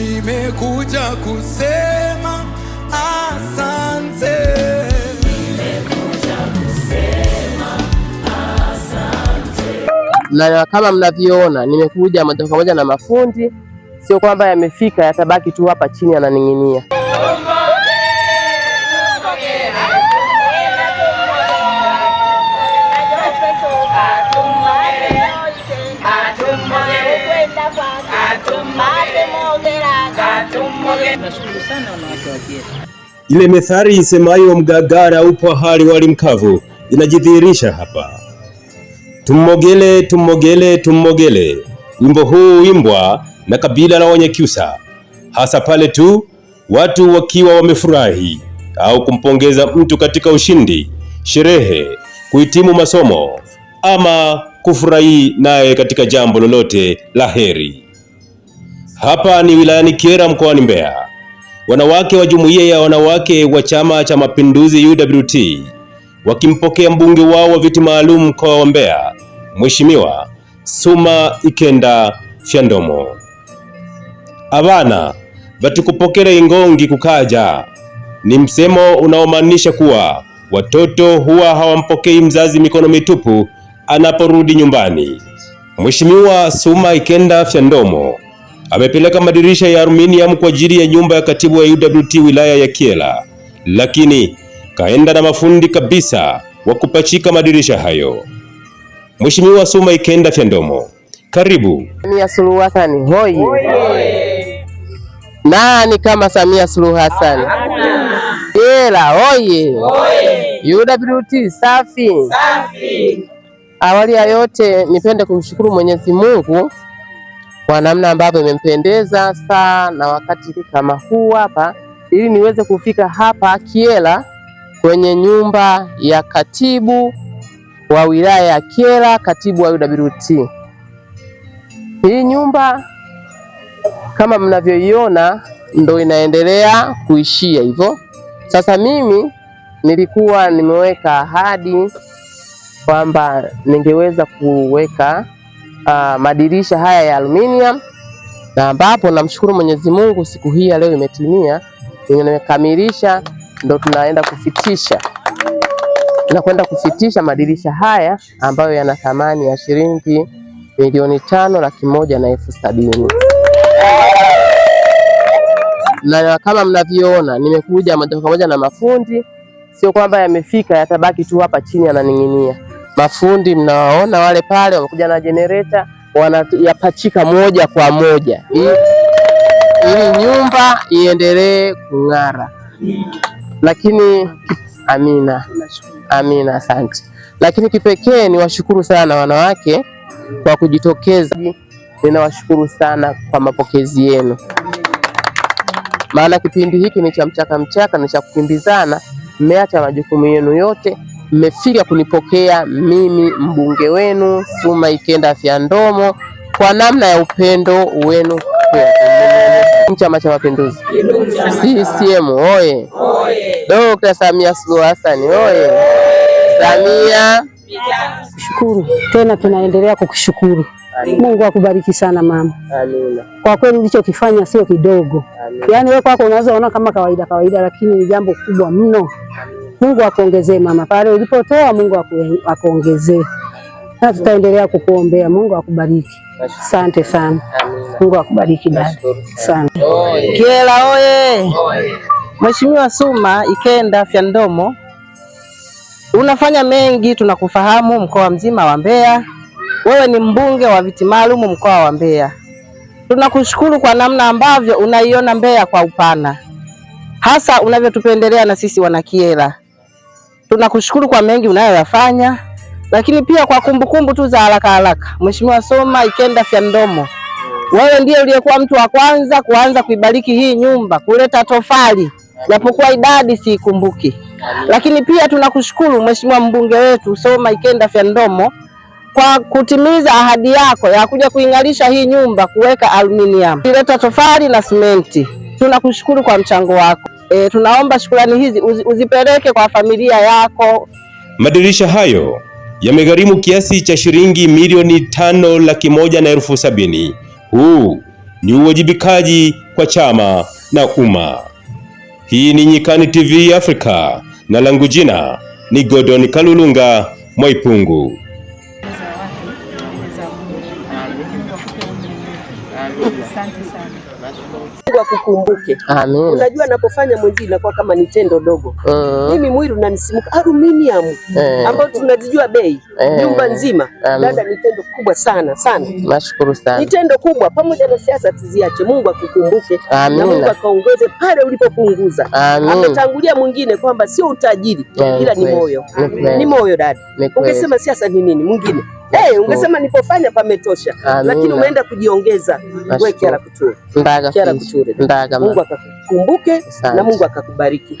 nimekuja kusema asante. Na kama mnavyoona nimekuja moja kwa moja na mafundi, sio kwamba yamefika yatabaki tu hapa chini yananing'inia. Ile methali isemayo mgagara upo hali wali mkavu inajidhihirisha hapa. Tumogele, tumogele, tumogele. Wimbo huu huimbwa na kabila la Wanyakyusa hasa pale tu watu wakiwa wamefurahi au kumpongeza mtu katika ushindi, sherehe, kuhitimu masomo ama kufurahi naye katika jambo lolote la heri. Hapa ni wilayani Kyela mkoani Mbeya. Wanawake wa jumuiya ya wanawake wa Chama cha Mapinduzi UWT wakimpokea mbunge wao wa viti maalum mkoa wa Mbeya, Mheshimiwa Suma Ikenda Fyandomo. Abana vatikupokela ingongi kukaja ni msemo unaomaanisha kuwa watoto huwa hawampokei mzazi mikono mitupu anaporudi nyumbani. Mheshimiwa Suma Ikenda Fyandomo amepeleka madirisha ya aluminium kwa ajili ya nyumba ya katibu wa UWT wilaya ya Kyela, lakini kaenda na mafundi kabisa wa kupachika madirisha hayo. Mheshimiwa Suma Ikenda Fyandomo, karibu. Samia Suluhu Hassan hoi! Nani kama Samia Suluhu Hassan? Kyela hoye! UWT safi, safi. Awali ya yote nipende kumshukuru Mwenyezi Mungu kwa namna ambavyo imempendeza saa na wakati kama huu hapa, ili niweze kufika hapa Kyela kwenye nyumba ya katibu wa wilaya ya Kyela, katibu wa UWT. Hii nyumba kama mnavyoiona ndo inaendelea kuishia hivyo. Sasa mimi nilikuwa nimeweka ahadi kwamba ningeweza kuweka uh, madirisha haya ya aluminium na ambapo namshukuru Mwenyezi Mungu siku hii ya leo imetimia, nimekamilisha, ndo tunaenda kufitisha tunakwenda kufitisha madirisha haya ambayo yana thamani ya shilingi milioni tano laki moja na elfu sabini na kama mnavyoona, nimekuja moja kwa moja na mafundi, sio kwamba yamefika yatabaki tu hapa chini yananing'inia mafundi mnawaona wale pale wamekuja na jenereta wanayapachika moja kwa moja ili nyumba iendelee kung'ara. Lakini amina, amina, asante. Lakini kipekee niwashukuru sana wanawake kwa kujitokeza, ninawashukuru sana kwa mapokezi yenu, maana kipindi hiki ni cha mchaka mchaka, ni cha kukimbizana. Mmeacha majukumu yenu yote mmefika kunipokea mimi mbunge wenu Suma Ikenda Fyandomo kwa namna ya upendo wenu Chama cha Mapinduzi, CCM oye! Dokta Samia Suluhu Hassan oye! Samia shukuru tena, tunaendelea kukushukuru. Mungu akubariki sana mama. Amina. Kwa kweli ulichokifanya sio kidogo. Amina. Yaani wewe kwako unaweza ona kama kawaida kawaida, lakini ni jambo kubwa mno. Mungu akuongezee mama, pale ulipotoa Mungu akuongezee, na tutaendelea kukuombea. Mungu akubariki, asante sana. Mungu akubariki dada, asante. Kiela oye! Mheshimiwa Suma Ikenda Fyandomo, Ndomo, unafanya mengi, tunakufahamu mkoa mzima wa Mbeya. Wewe ni mbunge wa viti maalum mkoa wa Mbeya. Tunakushukuru kwa namna ambavyo unaiona Mbeya kwa upana, hasa unavyotupendelea na sisi wanakiela. Tunakushukuru kwa mengi unayoyafanya, lakini pia kwa kumbukumbu tu za haraka haraka, Mheshimiwa Soma Ikenda Fyandomo, wewe ndiye uliyekuwa mtu wa kwanza kuanza kuibariki hii nyumba, kuleta tofali, japokuwa idadi siikumbuki. Lakini pia tunakushukuru Mheshimiwa mbunge wetu Soma Ikenda Fyandomo kwa kutimiza ahadi yako ya kuja kuing'arisha hii nyumba, kuweka aluminium, kuleta tofali na simenti. Tunakushukuru kwa mchango wako. E, tunaomba shukrani hizi uz, uzipeleke kwa familia yako. Madirisha hayo yamegharimu kiasi cha shilingi milioni tano laki moja na elfu sabini. Huu ni uwajibikaji kwa chama na umma. Hii ni Nyikani TV Afrika na langu jina ni Godon Kalulunga Mwaipungu. Mungu akukumbuke. Amen. Unajua napofanya mwingine inakuwa kama ni tendo dogo. Mm. Mimi mwili unanisimuka aluminium mm, eh. ambayo tunazijua bei eh. nyumba mm, nzima. Dada, ni tendo kubwa sana sana. Nashukuru sana. Ni tendo kubwa pamoja na siasa tuziache. Mungu akukumbuke na Mungu akaongoze pale ulipopunguza. Ametangulia mwingine kwamba sio utajiri eh, ila ni moyo. Ni moyo dada. Ukisema siasa ni nini mwingine Hey, ungesema nipofanya pametosha, lakini umeenda kujiongeza. We Kyara Kuture, Kyara Kuture, Mungu akakumbuke na Mungu akakubariki.